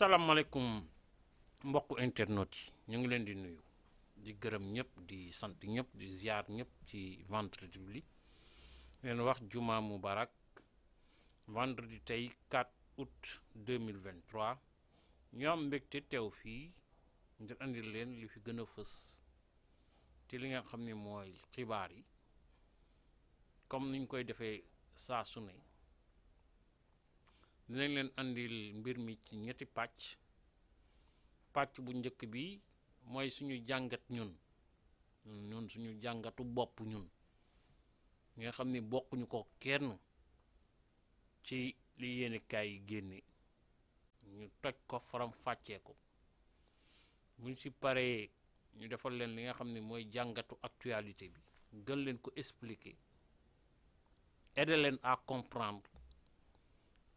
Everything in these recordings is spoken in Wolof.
salaamaaleykum mbokku internet yi ñoo ngi leen di nuyu di gërëm ñëpp di sant ñëpp di ziar ñëpp ci vendredi bi leen wax juma mubarak vendredi tey 4 août 2023 ñu am mbégte teew fii ngir andi leen li fi gën a fës te li nga xam ni mooy xibaar yi comme niñ koy defee saa su ne dinañ leen andil mbir mi ci ñetti pàcc pàcc bu njëkk bi mooy suñu jàngat ñun ñun suñu jàngatu bopp ñun nga xam ni bokkuñu ko kenn ci li yéene kaay yi génne ñu toj ko faram fàccee ko buñ si paree ñu defal leen li nga xam ne mooy jàngatu actualité bi gën leen ko expliquer aider leen à comprendre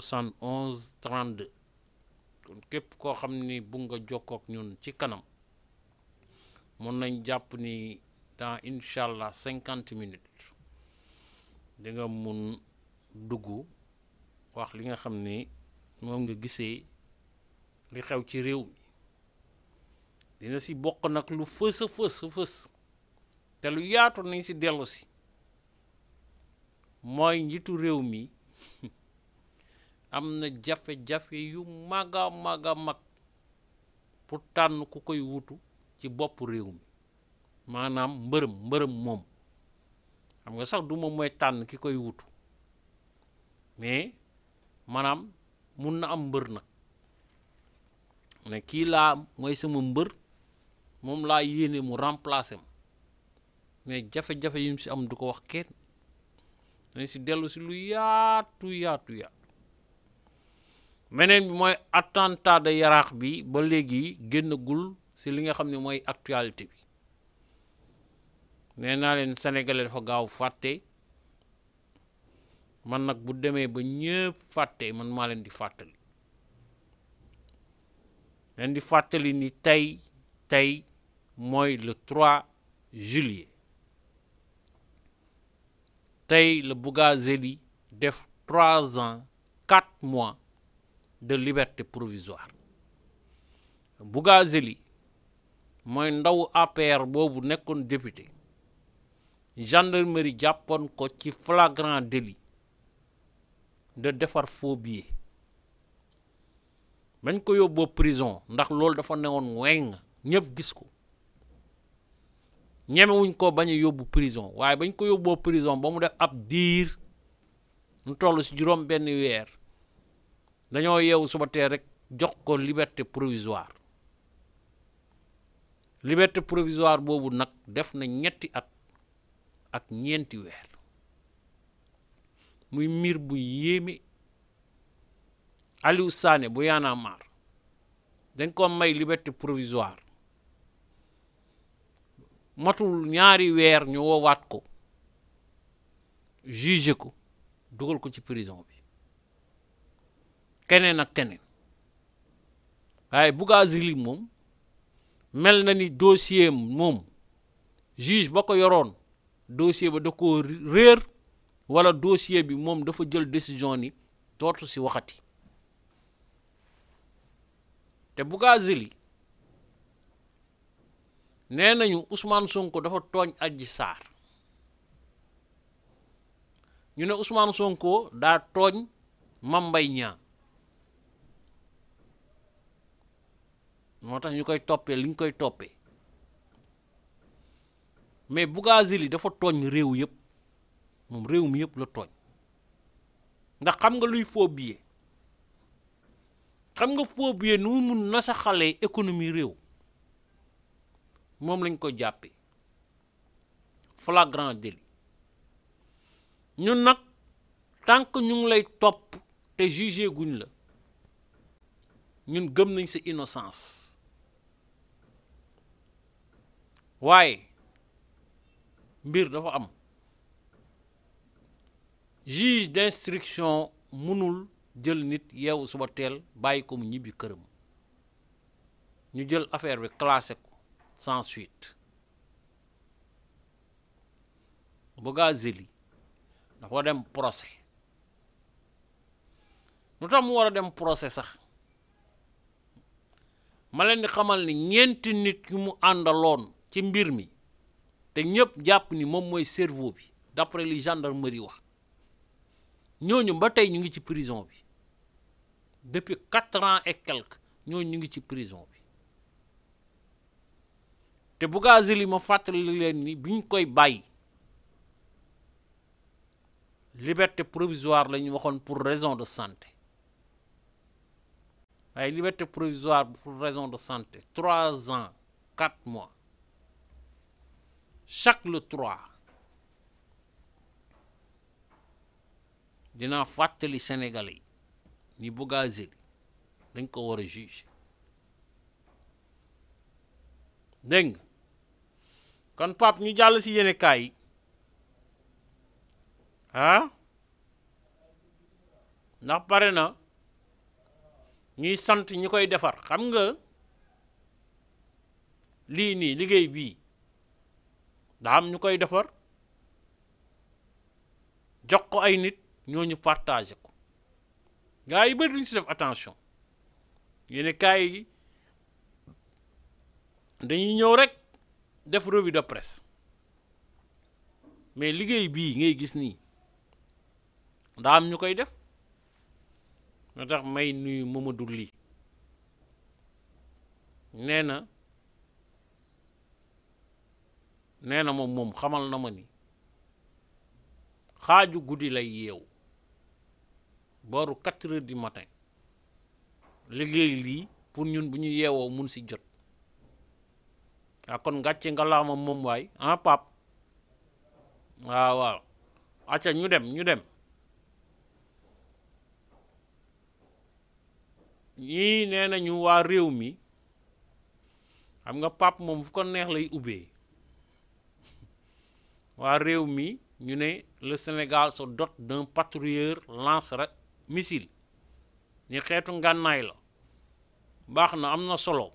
71 32 kon képp koo xam ni bu nga jokkook ñun ci kanam mën nañ jàpp ni dans incha allah 50 minutes danga nga mun dugg wax li nga xam ni moom nga gisee li xew ci réew mi dina si bokk nag lu fës a fës te lu yaatu nañ si dellusi si mooy njiitu réew mi am jafé jafé, jafe yu maga maga mak pour tan ku koy wutu ci bop réew mi maanaam mbeureum mbërëm moom xam nga sax duma moy tan ki koy wutu mais manam mun na am mbeur nak ne ki la moy sama mbeur mom la yene mu remplacer ma mais jafe-jafe yu ci si am duko wax kenn ne si delu si lu yaatu yaatu yaatu meneen bi mooy attentat yaraax bi ba léegi génnagul si li nga xam ni mooy actualité bi nee naa leen sénégalais dafa gaaw fàtte man nag bu demee ba ñëpp fàtte man maa leen di fàttali leen di fàttali ni tey tey mooy le 3 juillet tey la Bougazelli def 3 ans 4 mois de liberté provisoire Bougazeli moy ndaw APR bobu nekkoon député gendarmerie jàppoon ko ci flagrant délit de defar faux bañ ko yobbo prison ndax loolu dafa néwon weng ñëpp gis ko ñemewuñ ko bañ yobbu prison waye bañ ko yobbo prison ba mu def ab dir mu tollu ci juróom benn weer dañoo yeewu suba teel rek jox ko liberté provisoire liberté provisoire boobu nag def na ñetti at ak ñeenti weer muy mbir bu yéeme Aliou Sané bu Y'en a dañ ko may liberté provisoire matul ñaari weer ñu woowaat ko juge ko dugal ko ci prison bi keneen ak keneen waaye Bougazeli moom mel na ni dossier moom juge ba ko yoroon dossier ba da koo réer wala dossier bi moom dafa jël décision ni tootu si waxati te Bougazeli nee nañu Ousmane Sonko dafa tooñ Adji saar ñu ne Ousmane Sonko daa tooñ Mame Mbaye moo tax ñu koy toppee li ñu koy toppee mais Bougazeli dafa tooñ réew yëpp moom réew mi yëpp la tooñ ndax xam nga luy phobie xam nga phobie nu mun na sa xale économie réew moom lañ ko jàppee flagrant délit ñun nag tant que ñu ngi lay topp te jugé guñ la ñun gëm nañ sa innocence waaye mbir dafa am juge d'instruction mënul jël nit yew suba tel bàyyi ko mu ñibbi këram ñu jël affaire bi classé ko sans suite Bougazelli dafa dem procès lu tax mu war a dem procès sax ma leen di xamal ni ñeenti nit yu mu àndaloon ci mbir mi te ñëpp jàpp ni moom mooy cerveau bi d'après li gendarmerie wax ñooñu ba tey ñu ngi ci prison bi depuis quatre ans et quelques ñooñu ñu ngi ci prison bi te Bougazelli ma fàttali leen ni bi koy bàyyi liberté provisoire la ñu waxoon pour raison de santé waaye liberté provisoire pour raison de santé trois ans quatre mois chaque le trois dinaa fàttali Sénégalais yi ni Bougazelli dañ ko war a juge dégg nga kon pap ñu jàll si yéene kaay yi ah ndax pare na ñuy sant ñu koy defar xam nga lii nii liggéey bii daa am ñu koy defar jox ko ay nit ñooñu partage ko gaa yi ba duñ si def attention yéen kaay gi dañuy ñëw rek def revue de presse mais liggéey bii ngay gis nii daa am ñu koy def moo tax may nuyu Mamadou Ly nee na nee mom mom xamal na ma ni xaju gudi lay yew punyun 4h du matin li pour ñun buñu yewoo mun si jot akon ah, kon ngàcce nga laama mom waay ah pap waaw waaw acca ñu dem ñu dem ñii nee nañu waa réew mi xam nga pap moom fu ko neex lay ubbee waa réew mi ñu ne le Sénégal se dote d'un patrouilleur lance-missile ni xeetu ngànnaay la baax na am na solo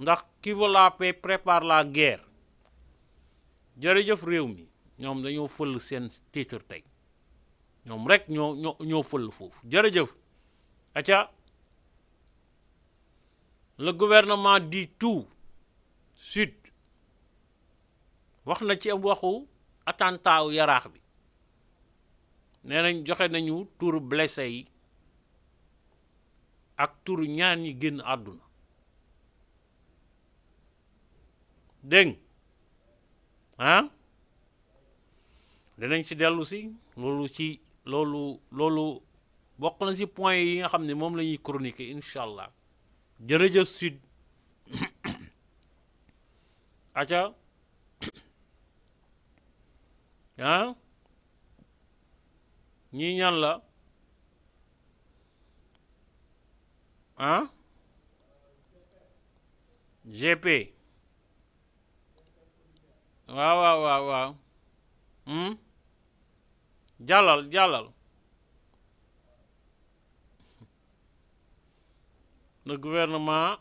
ndax qui veut la paix prépare la guerre jërëjëf réew mi ñoom dañoo fël seen titre tey ñoom rek ñoo ñoo ñoo fël foofu jërëjëf aca le gouvernement dit tout suite wax na ci am waxu attentat wu yarax bi nee nañ joxe nañu turu blessé yi ak turu ñaar ñi génn àdduna dégg ah dinañ si delu si lolu ci lolu lolu bokk na si point yi nga xamni mom lañuy chroniquer inshallah allah sud acha? ah hein? ni ñan la ah hein? GP waaw waaw waaw waaw hmm? Jalal, Jalal, le gouvernement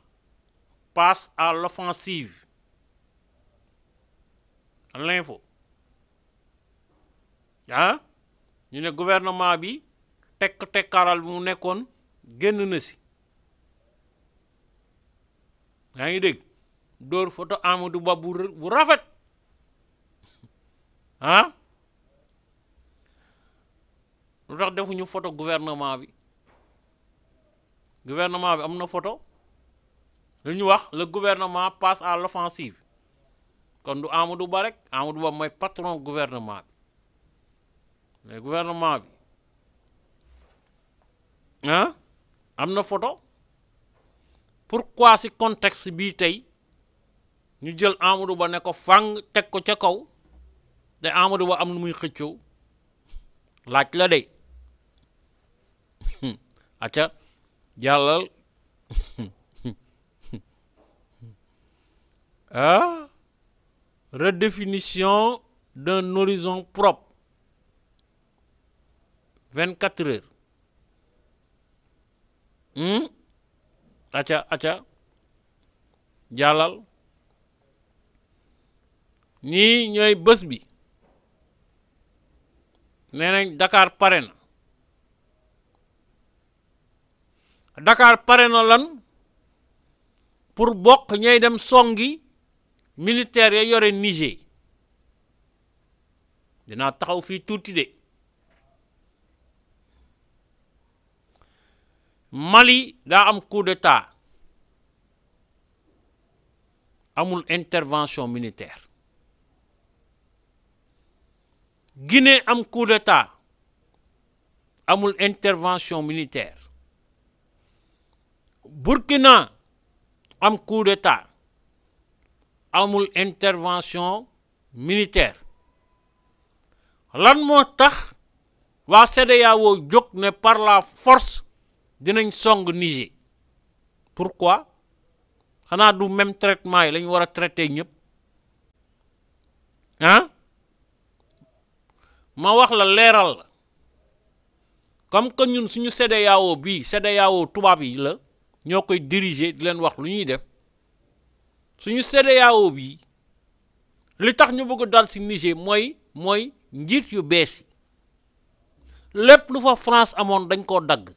passe à l'offensive l'info ah ñu ne gouvernement bi tekk tekkaaral bi mu nekkoon génn na si yaa ngi dégg dóor photo Amadou Ba bu rafet ah lu tax defuñu photo gouvernement bi gouvernement bi am na photo lu wax la gouvernement passe à l'offensive kon du Amadou Ba rek Amadou Ba mooy patron gouvernement bi mais gouvernement bi am na photo pourquoi si contexte bi tey ñu jël Amadou Ba ne ko fàng teg ko ca kaw te Amadou Ba am lu muy xëccoo laaj la de acca jàllal ah redéfinition d'un horizon propre vingt-quatre heures hmm? acca acca jàllal ñii ñooy bés bi nee nañ Dakar pare na Dakar pare na lan pour bokk ñooy dem songi militaire ya yore Niger dinaa taxaw fii tuuti de Mali a am coup d'état amul intervention militaire Guinée am coup d'état amul intervention militaire Burkina am coup d'état amul intervention militaire lan moo tax waa CEDEAO ne par la force dinañ song Niger pourquoi xana du même traitement yi la ñu war a traité hein? ma wax la leeral comme que ñun suñu CEDEAO bi CEDEAO tubaab bi la ñoo diriger di len wax lu ñuy def suñu CEDEAO bi li tax ñu bëgg dal ci Niger moy moy njit yu bees lepp lu fa France amone dañ ko dagg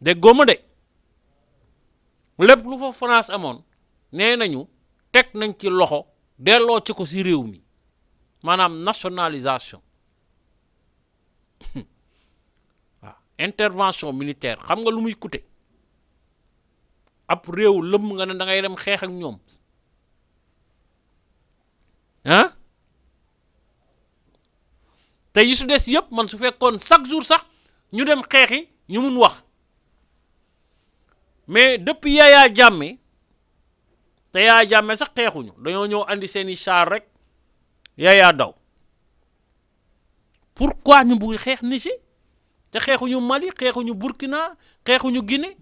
déggoo ma de lépp lu fa France amoon nee nañu teg nañ ci loxo delloo ci ko si réew mi maanaam nationalisation waaw intervention militaire xam nga lu muy coûter ab réew lëmm nga ne da ngay dem xeex ak ñoom ah te yi su des yëpp man su fekkoon chaque jour sax ñu dem xeexi ñu mun wax mais depuis Yaya Jammeh te Yaya jàmme sax xeexuñu dañoo ñëw indi seeni char rek Yaya daw pourquoi ñu bugg xeex ni si te xeexuñu Mali xeexuñu Burkina xeexuñu Guinée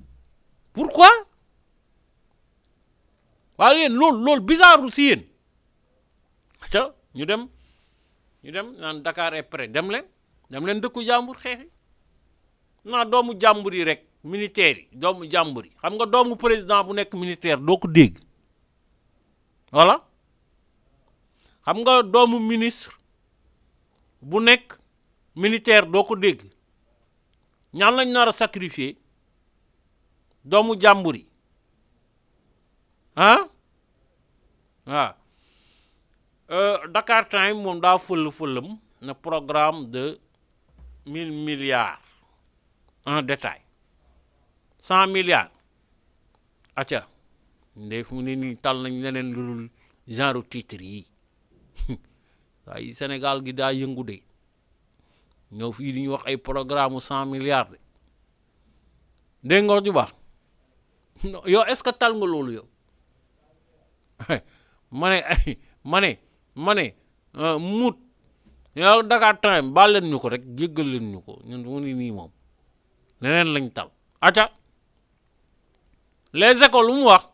pourquoi waaye yéen loolu lool bisaaru si yéen ca ñu dem ñu dem naan Dakar est prêt dem leen dem leen dëkku jàmbur xeexi naa doomu jàmbur yi rek militaires yi doomu jàmbur yi xam nga doomu président bu nekk militaire doo ko dégg voilà xam nga doomu ministre bu nekk militaire doo ko dégg ñaan lañ nar a sacrifier doomu jàmbur yi ah waaw euh, Dakar Time moom daa fël fëlam na programme de mille milliards en détail cent milliards acca ndey fu mu nii tal nañ leneen lu dul genre titre yi waaye Sénégal gi daa yëngu de ñoo fii di ñu wax ay programme cent milliards de dégg nga ju baax yow est-ce que tal nga loolu yow mane ne ma ne ma ne muut baal leen ñu ko rek jéggal leen ñu ko ñun fu mu nii moom leneen lañ tal acca les écoles lu mu wax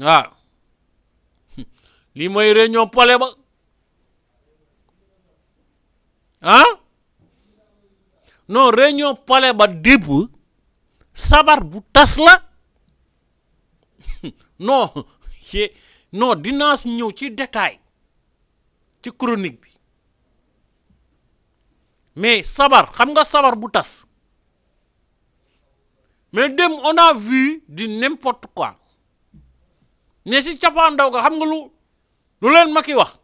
waaw lii mooy réunion pole ba ah non réunion pole ba dépp sabar bu tas la non non dinaa ñëw ci detaay ci chronique bi mais sabar xam nga sabar bu tas mais dem on a vu du n'importe quoi ne si cappaandaw ga xam nga lu lu leen ma ki wax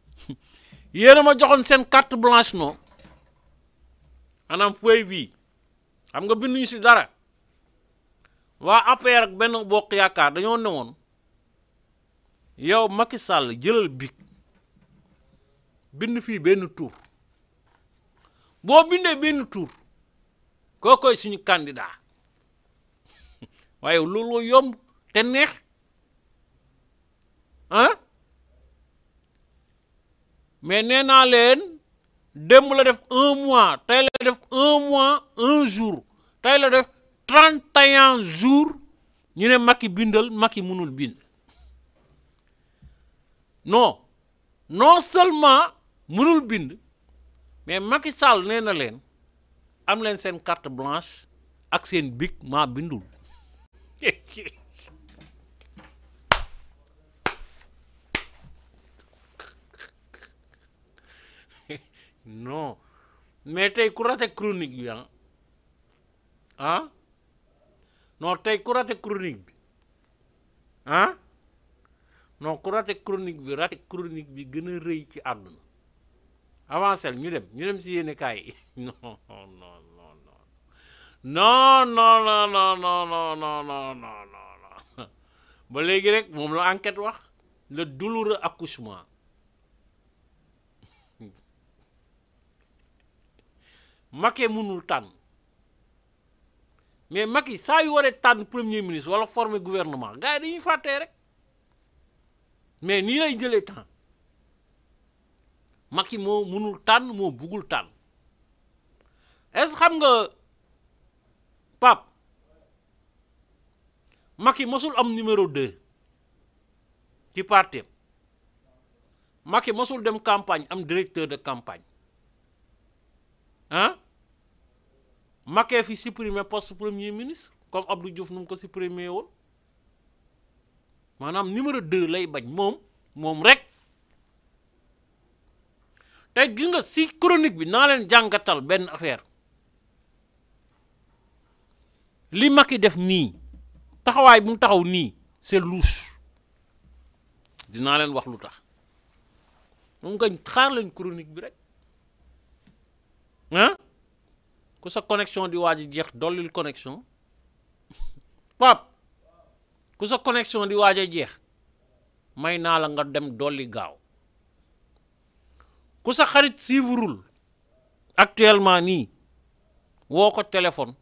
yéen a ma joxoon seen carte blanche anam maanaam feuille bii xam nga binduñu si dara waa APR ak benn bokk yaakaar dañoo newoon yow Macky Sall jëlal bic bind fii benn tour boo bindee benn tur kookoy suñu candidat waaye loolu yomb te neex ah mais nee naa leen démb la def un mois tey la def un mois un jour tey la def trente et un jours ñu ne Macky bindal Macky mënul bind non non seulement mënul bind mais Macky Sall nee na leen am leen seen carte blanche ak seen bic maa bindul non mais tey ku rate chronique bi ah ah non tey ku rate ah. ku rate chronique bi rate chronique bi gën a rëy ci àdduna avancel nous dem nous dem si yéene kay non non non non non non non non non non non ba Vous rek enquête wax le douloureux accouchement maké mënul tan. mais maki saa yu faire, le premier ministre wala former gouvernement gars dañuy faté rek mais ni lay le temps Macky moo mënul tànn moo buggul tànn est xam nga Pape Macky mosul am numéro 2 ci parti Macky mosul dem campagne am directeur de campagne ah Macky fi supprimer post premier ministre comme Abdou Diouf nu mu ko supprimer woon maanaam numéro 2 lay bañ moom moom rek. tey gis nga si chronique bi naa leen jàngatal benn affaire li Macky def nii taxawaay bu mu taxaw nii c'est louche dinaa leen wax lu tax moom nga xaar leen chronique bi rek ah ku sa connexion di waaj a jeex dollil connexion Pape ku sa connexion di waaj a jeex may naa la nga dem dolli gaaw ku sa xarit suivrul actuellement nii woo ko téléphone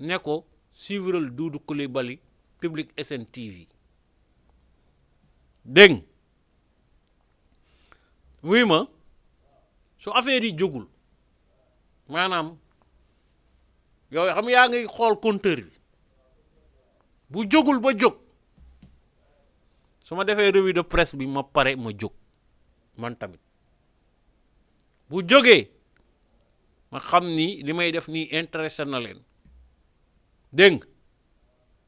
ne ko suivral duudu bali public sn tv dégg wuy ma su affaire yi jógul maanaam yow xam yaa ngi xool compteur bi bu jógul ba jóg su ma defee revue de presse bi ma pare ma jóg man tamit bu jógee ma xam ni li may def nii intéressé na leen dégg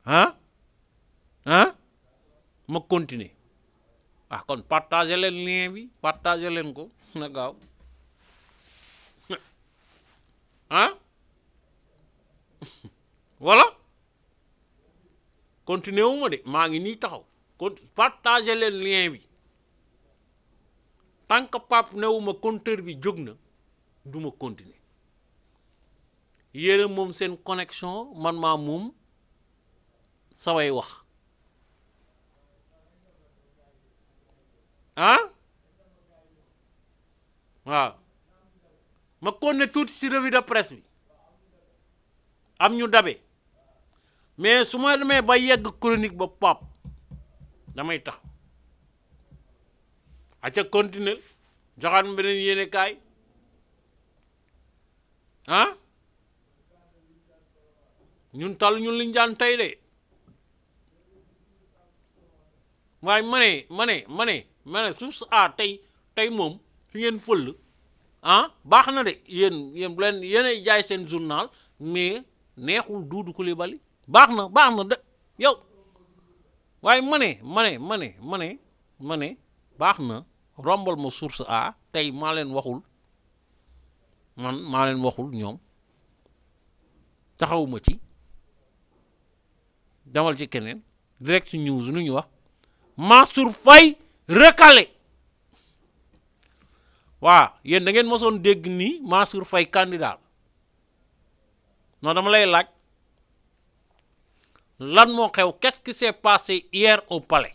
nga ah ah ma continuer a ah, kon partager leen lien bi partager leen ko na gaaw ah voilà continuer wu ma de maa ngi nii taxaw kon partager leen lien bi tant que pap newuma compteur bi jóg na duma ma yére moom seen connexion man maa moom saway wax ah waaw ma konne tuuti si revue de presse bi am ñu dabe mais su ma demee ba yegg chronique ba pap damay tax aca continuer joxaat mu beneen yéene kaay ah ñun tal ñun liñ daan tey de waaye ma ne ma ne ma ne ma ah, tey tey moom fi ngeen fëll ah baax na de yéen yéen bu leen yéenay jaay seen journal mais neexul Doudou Coulibaly baax na baax na de yow waaye ma ne ma ne baax na rombal ma source A tey maa leen waxul man maa leen waxul ñoom taxawuma ci demal ci keneen direct news nu ñu wax maa Mansour fay recalé waa yéen da ngeen mosoon dégg nii maa fay Faye daal non dama lay laaj lan moo xew qu'est-ce qui s'est passé hier au palais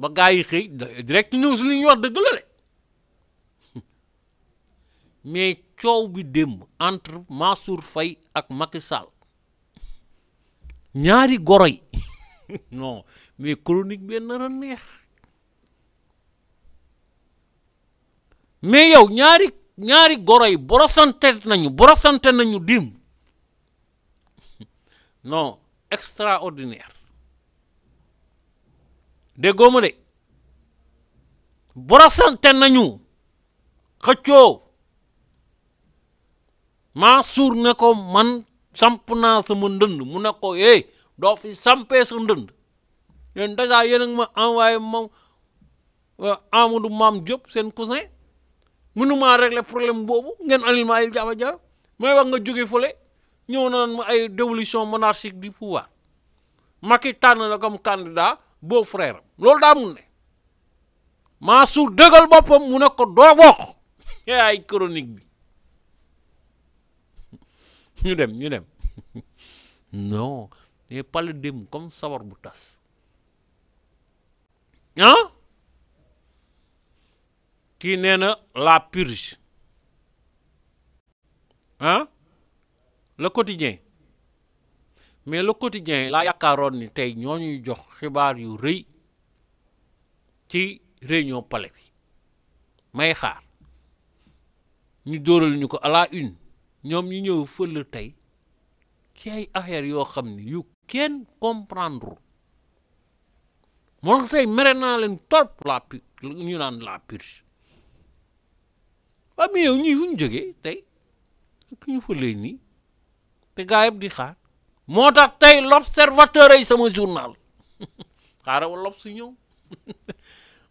ba gaa yi xëy direct news li ñu wax dëgg la de mais coow bi démb entre Mansour Faye ak Macky ñaari goro yi non mais chronique bi a neex mais yow ñaari ñaari goro yi borosante nañu borosante nañu démb non extraordinaire déggoo ma de borosante nañu xëccoo Mansour ne ko man samp naa sama ndënd mu ne ko eh doo fi sampee sa ndënd yéen dèjà yéen ngi ma envoyé moom euh, Amadou Mame Diop seen cousin mënumaa régler problème boobu ngeen andil ma ay jaaba jaaba may wax nga jóge fële ñëw naan ma ay dévolution monarchique du pouvoir maki tànn la comme candidat beau frère lol da mun ne sou deugal bopam mu ne ko do wax ay chronique bi ñu dem ñu dem non pas le dem comme sawar bu tass ah ki neena la purge hein le quotidien mais le quotidien laa yàkkaaroon ni tey ñoo ñuy jox xibaar yu rëy ci réunion pale bi may xaar ñu dóoral ñu ko à la une ñoom ñu ñëw fël tey ci ay affaire yoo xam ni yu kenn comprendre moo tax tey mere naa leen torp la pu ñu naan la purge waaw mais ñuy fu ñu jógee tey ki ñu fëlee nii te gaa di xaar motax tay l'observateur ay sama journal xara wala lob si ñëw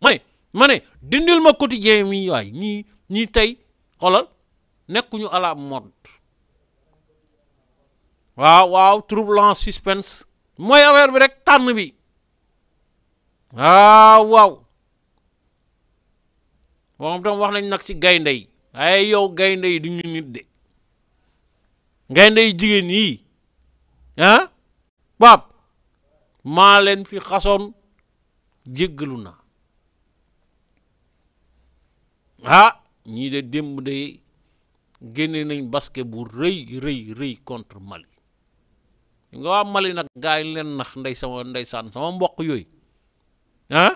may mané dindil ma quotidien mi way ñi ñi tay xolal nekku ñu ala mode waaw waaw troublant suspense moy affaire bi rek tan bi waaw waaw waaw tam wax nañ nak ci gaynde ay yow gaynde du ñu nit de gaynde yi ah baab maa leen fi xasoon jéggalu naa ah ñii de démb de génne nañ basket bu rëy rëy contre Mali nga waa Mali nag gaa yi leen nax ndey sama ndeysaan sama mboq yooyu ah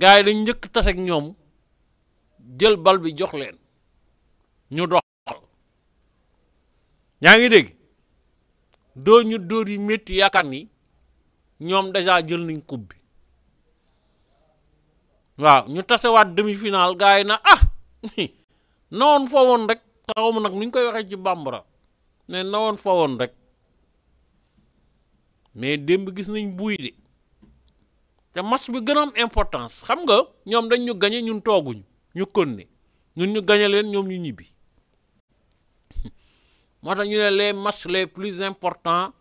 gaa yi dañ njëkk taseeg ñoom jël bal bi jox leen ñu doxal yaa ngi dégg doo ñu dóor yi métti yaakaar ni ñoom dèjà jël nañ coupe bi waaw ñu tasewaat demi-finale gars yi na ah nawoon foo woon rek taxaw ma nag nuñ koy waxee ci bambara ne nawoon foo woon rek mais démb gis nañ buy de te match bi gën importance xam nga ñoom dañ ñu gañe ñun tooguñu ñu kon ne ñun ñu gañe leen ñoom ñu ñibbi moi les matchs les plus importants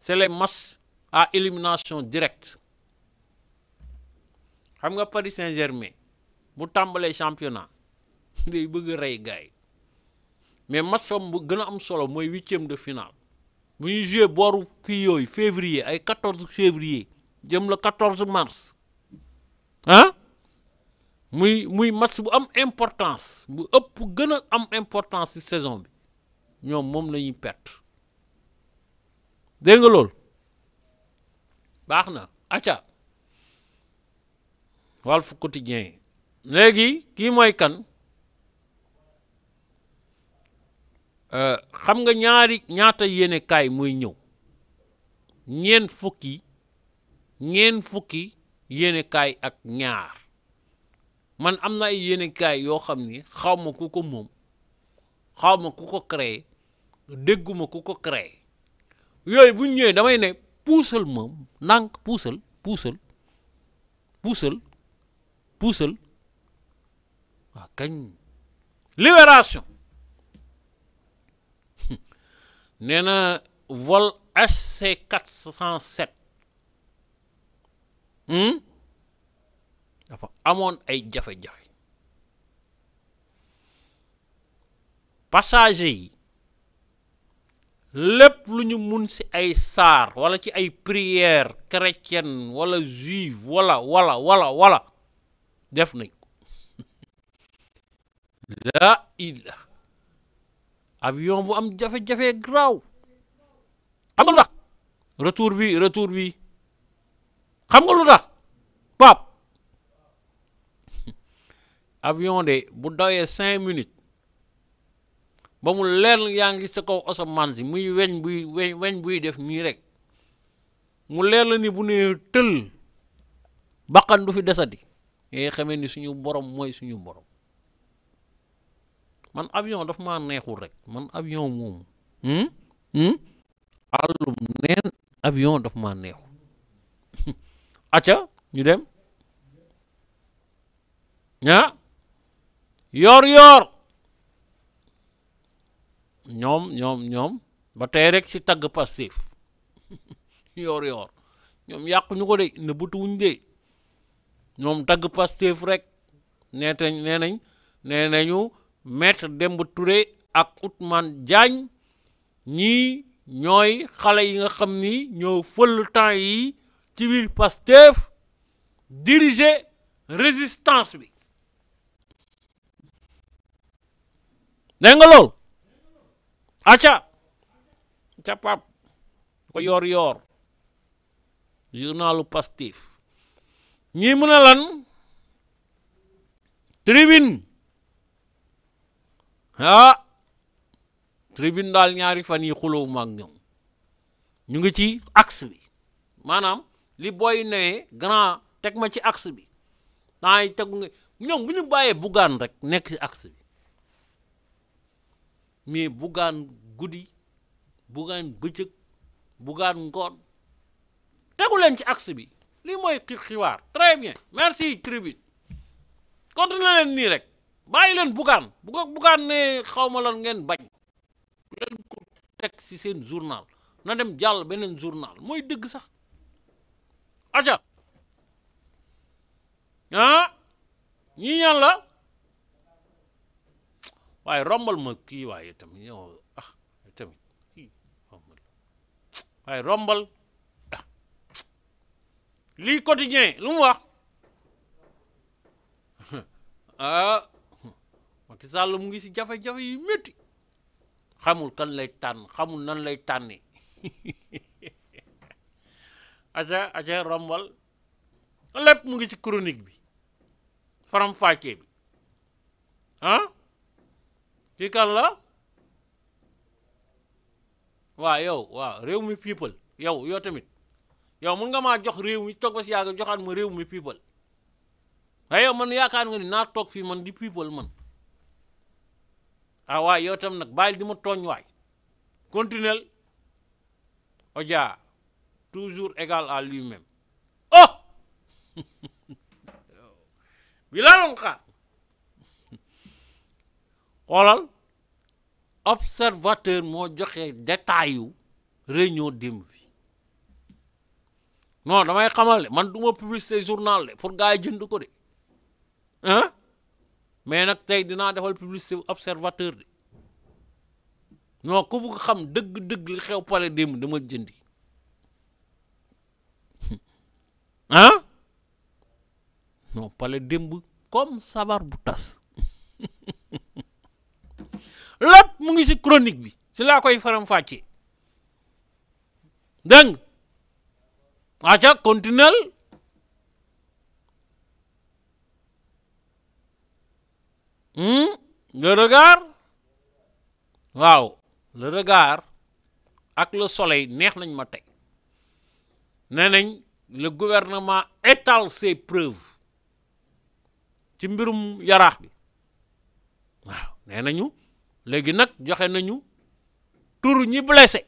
c'est les matchs à élimination directe xam nga Paris Saint-Germain bu tàmbalee championnat day bëgg a mais match matchs bu gën am solo de finale bu ñuy joué booru février ay 14 février jëm le 14 mars ah muy muy match bu am importance bu ëpp gën am importance ci saison ñoom moom la ñuy perte dégg loolu baax na acca Walf Quotidien léegi kii mooy kan euh, xam nga ñaari ñaata yéene kaay mooy ñëw ñeen fukki ngeen fukki yéene ak ñaar man am na ay yéene yoo xam ni xaw ma ku ko moom xaw ma ku ko créé dégguma ku ko créé yooyu bu ñu ñëwee damay ne puusal moom nànk puusal puusal puusal puusal waaw kañ vol nee na vol HC 407 hmm? dafa amoon ay jafe-jafe passager yi lépp lu ñu mun ci ay saar wala ci ay prière chrétienne walla juive wala walla walla wala def nañ ko laa illa avion bu am jafe-jafe graaw xam nga lu tax retour bi retour bi xam nga lu tax pap avion de bu dawee cinq minutes ba mu leer yaa ngi sa kaw asamaan si muy weñ buy weñ weñ buy def nii rek mu leer la ni bu ne tël bakkan du fi desati ye xamee ni suñu borom mooy suñu borom man avion daf maa neexul rek man avion hmm? hmm? àllum neen avion daf maa neexul acca ñu dem ya yor yor ñoom ñoom ñoom ba tey rek ci tàgg Pastef yoor yoor ñoom yàqu ñu ko de ne butuwuñ de ñoom tagg Pastef rek neetañ nee nañ nee nañu maître Demba Touré ak Ousmane Diagne ñii ñooy xale yi nga xam ni ñoo fël temps yi ci biir Pastef diriger résistance bi dégg nga lool acca ca pap ko yoor yoor journalu Pastef ñii mën a lan tribune ah tribune daal ñaari fan yi xulóowu ak ñoom ñu ngi ci axe bi maanaam li boy nee grand teg ma ci axe bi temps tegu nga ñoom bu ñu bàyyee buggaan rek nekk ci axe bi mais bugaan guddi bugaan bëccëg bugaan ngoon tegu leen ci axe bi lii mooy xiwaar très bien merci tribune continué leen nii rek bàyyi leen bugaan bu ko bugaan ne xaw ma lan ngeen bañ leen ko teg ci seen journal na dem jàll beneen journal mooy dëgg sax aca ah ñii la waaye rombal ma kii waaye tamit yow ah, ah. lii quotidien lu mu wax ah Macky Sall mu ngi si jafe-jafe yu métti xamul kan lay tànn xamul nan lay tànni aca aca rombal lépp mu ngi ci chronique bi faram fàccee bi ah ci kan la Wa yow wa réew people yow yow tamit yow mun nga ma jox réew mi toog ba si ma people waaye yow man yaakaar nga ni na tok fi man di people man ah wa yow tam nak bayil di ma togn way. continuel oja toujours égal à lui-même oh bi ka? xoolal observateur moo joxe détail yu réunion démb bi non damay xamal ne man du ma publicité journal de pour gars yi jënd ko de ah mais nag tey dinaa defal publicité observateur de non ku bugg xam dëgg-dëgg li xew pale démb dama jëndi ah non pale démb comme sabar bu tas lépp mu ngi ci chronique bi ci laa koy faram-fàccee dégg nga aca continuel hmm? le regard waaw le regard ak le soleil neex nañ ma tey nee nañ le gouvernement étale ses preuves ci mbirum yaraax bi waaw nee nañu legi nak joxe nañu turu ñi blessé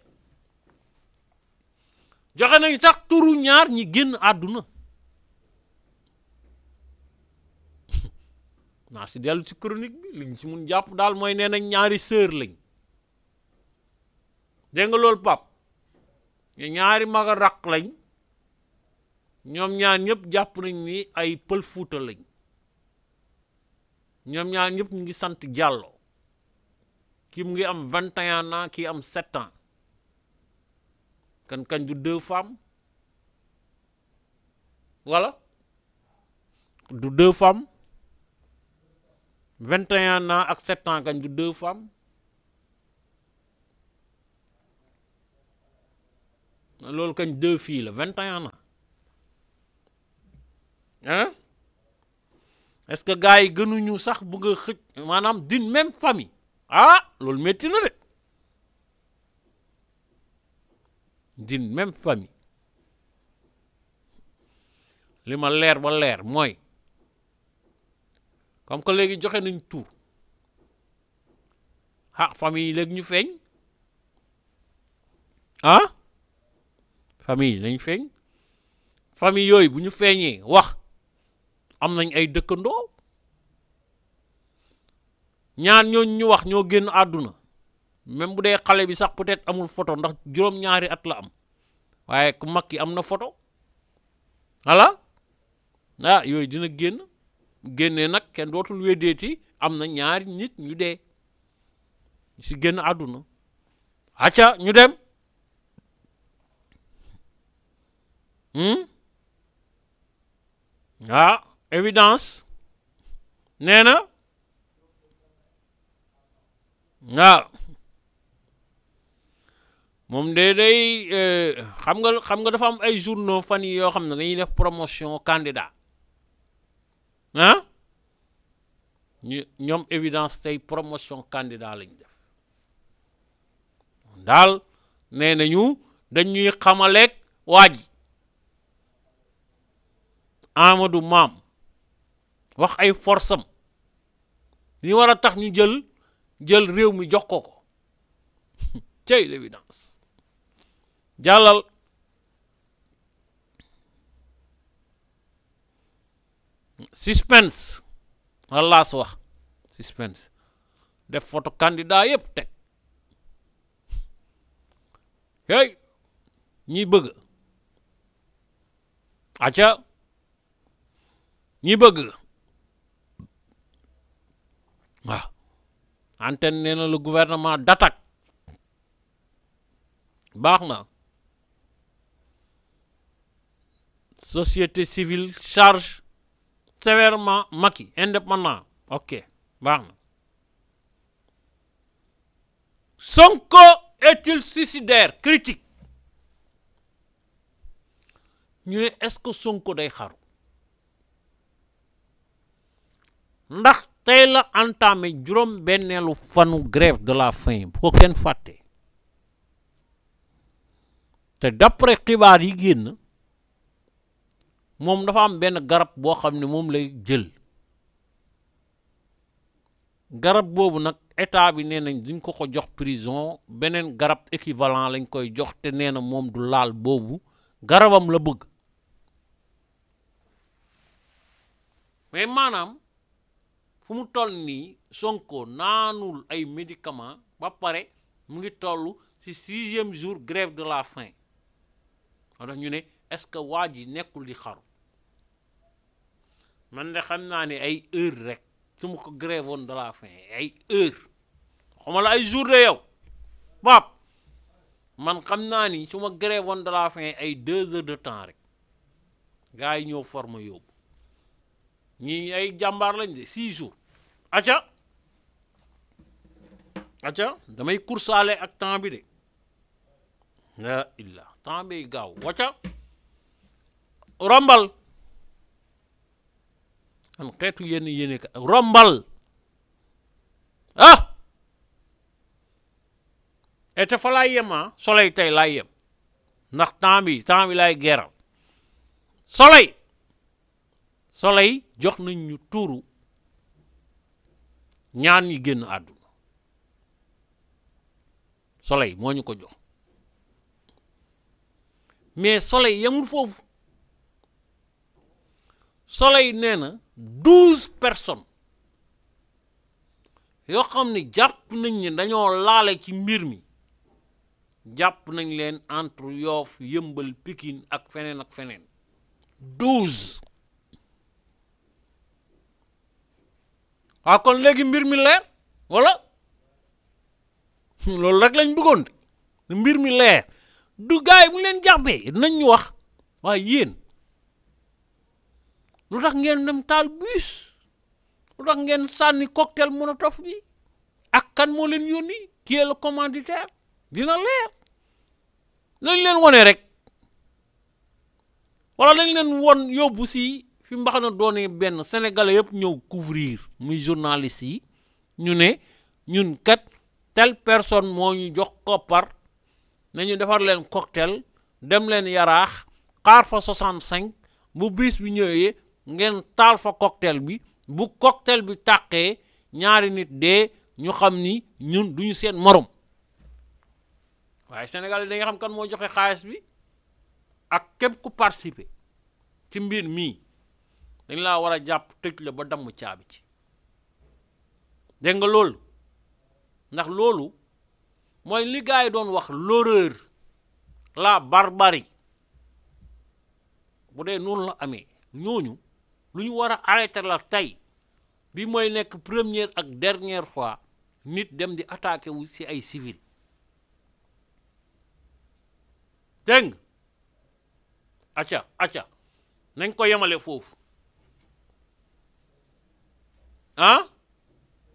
joxe nañu sax turu ñaar ñi genn aduna na ci delu ci chronique bi liñ ci mun japp dal moy nee ñaari sœur lañ dégg nga loolu pap ñaari mag a raq lañ ñom ñaan ñep japp nañ ni ay peul fuuta lañ ñom ñaan ñep ñu ngi sant jàlloo qui a 21 ans, qui a 7 ans. Quand deux femmes, voilà. deux femmes. 21 ans et 7 ans, quand deux femmes. Alors, quand deux a deux filles, 21 ans. Hein? Est-ce que les gars, ils ont eu ça, ils ont d'une même famille ah loolu métti na de d'une même famille li ma leer ba leer mooy comme que léegi joxe nañ tur ah famille yi léegi ñu feeñ ah famille yi nañ feeñ famille yooyu bu ñu feeñee wax am nañ ay dëkkandoo ñaar ñooñu ñu wax ñoo génn àdduna même bu dee xale bi sax peut-être amul photo ndax juróom-ñaari at la am waaye ku mag ki am na photo voilà ah yooyu dina génn génne nag kenn dootul weddeeti am na ñaari nit ñu dee si génn àdduna acca ñu dem hmm? ah évidence nee na waaw moom de day eh, xam nga xam nga dafa am ay journaux fan yoo xam ne dañuy def promotion candidat ah ñoom évidence tey promotion candidat lañ def daal nee nañu dañuy xamaleeg waa ji Amadou Maam wax ay force am war a tax ñu jël jël réew mi jox ko ko cey l'évidence jàllal suspense walla su wax suspense def photo candidat yëpp teg hey ñi bëgg acca ñi bëgg waaw antenne le gouvernement d'attaque société civile charge sévèrement Maki. indépendant ok baax Sonko est-il suicidaire critique ñu est-ce que Sonko day xaru ndax tey la entamé juróom benneelu fanu grève de la faim bu ko kenn fàtte te d'après xibaar yi génn moom dafa am benn garab boo xam ne moom lay jël garab boobu nag état bi nee nañ duñ ko ko jox prison beneen garab équivalent lañ koy jox te nee na moom du laal boobu garabam la bëgg mais maanaam fu mu toll nii Sonko naanul ay médicament ba pare mu ngi toll ci sixième jour grève de la faim moo tax ñu ne est-ce que waa ji nekkul di xaru man de xam naa ni ay heure rek su ma ko grève woon de la faim ay heure xama ay jour de yow baab man xam naa ni su ma grève woon de la faim ay deux heures de temps rek gars yi ñoo forme yóbbu ñi ay jàmbaar lañ de six jours acca acca damay kursaale ak temps bi de la illa temps bi gaaw wacca rombal an xeetu yenn yéene ka rombal ah ete fa laay yem ah soleil tey laay yem ndax temps bi temps bi laay geeral soleil soleil jox nañ ñu tuuru ñaan yi génn àdduna soleil moo ñu ko jox mais soleil yamul foofu soleil nee na douze personnes yoo xam ne jàpp nañ ne dañoo laale ci mbir mi jàpp nañ leen entre yoof Yëmbal pikin ak feneen ak feneen douze ah kon léegi mbir mi leer wala loolu rek lañ bëggoon de mbir mi leer du gaay yi leen jàppee nañu wax waaye yéen lu tax ngeen dem taal bus lu tax ngeen sànni cocktail molotov bi ak kan moo leen yónni qui est dina leer nañ leen wone rek wala nañ leen won yóbbu si fi mbaxana doonee benn sénégalais yëpp ñëw couvrir muy journaliste yi ñu ne ñun kat tel personne moo ñu jox koppar nañu defar leen cocktail dem leen yaraax xaar fa 65 bu biis bi ñëwee ngeen taal fa cocktail bi bu cocktail bi tàqee ñaari nit dee ñu xam ni ñun duñu seen morom waaye sénégalais yi dañuy xam kan moo joxe xaalis bi ak képp ku participer ci mbir mii dañ laa war a jàpp tëj la ba damm caabi ci dégg nga loolu ndax loolu mooy li doon wax l'horreur la barbari bu dee noonu la amee ñooñu lu ñu war a arrêter la tey bi mooy nekk première ak dernière fois nit dem di attaqué wu ci ay civil dégg nga acca acca nañ ko yemale foofu Huh?